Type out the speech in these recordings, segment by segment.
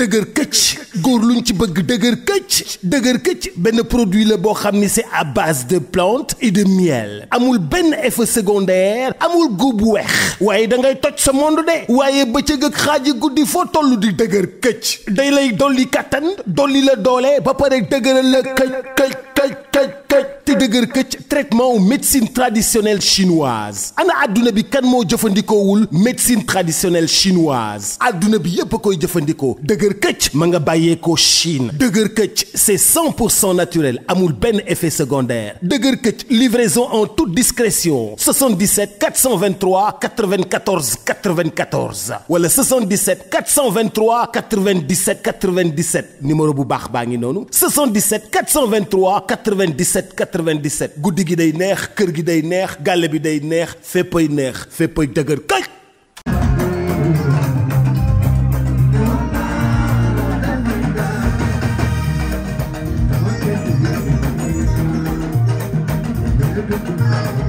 dëgër këcc góor ñu ci bëgg dëgër këcc dëgër këcc benn produit la boo xam ni c'est à base de plantes et de miel amul benn effet secondaire amul góob bu weex waaye da ngay toj sa monde de waaye bëccëg ak xaaji guddi foo toll di dëgër këcc day lay dolli kattan dolli la doole ba pare dëgëral la këcc këcc këcc këcc te dëgër këcc traitement médecine traditionnelle chinoise ana àdduna bi kan moo jëfandikoowul médecine traditionnelle chinoise adduna bi yépp koy jëfandikoo bàyyeekoo Chine dëgër këcc c'est 100 pour cent naturel amul benn effet secondaire dëgër këcc livraison en toute discrétion 77 423 94 94 wala 77 423 97 97 numéro bu baax baa ngi noonu 77 423 97 97 guddi gi day neex kër gi day neex gàlle bi day neex féppay neex féppay dëgër këcc. Thank you.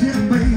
Cheikh Mbaye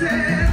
dizer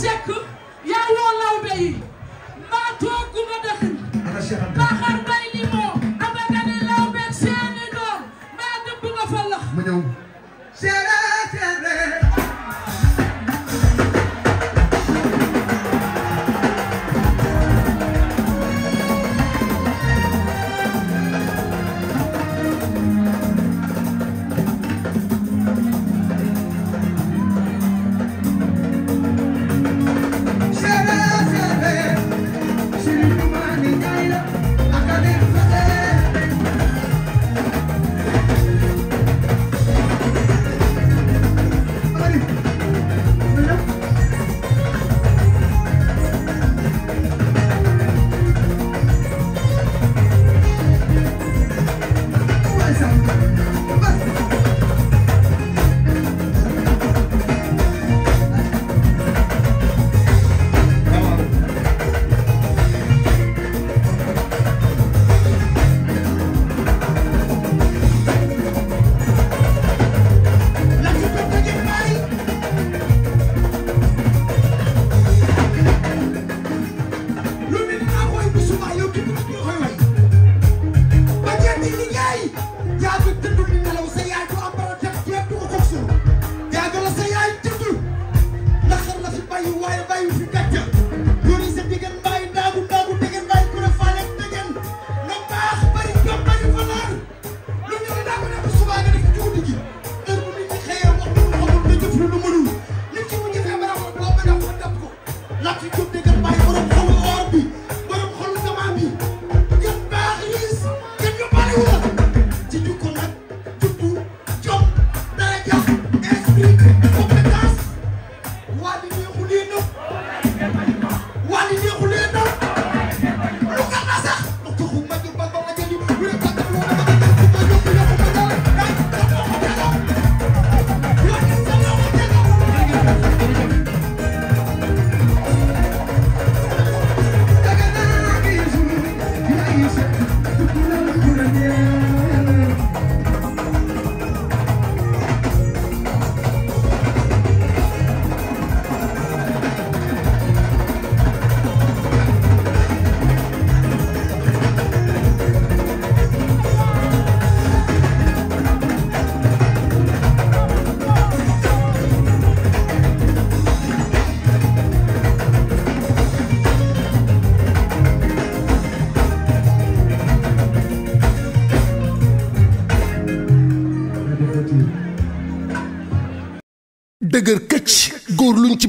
Jacob.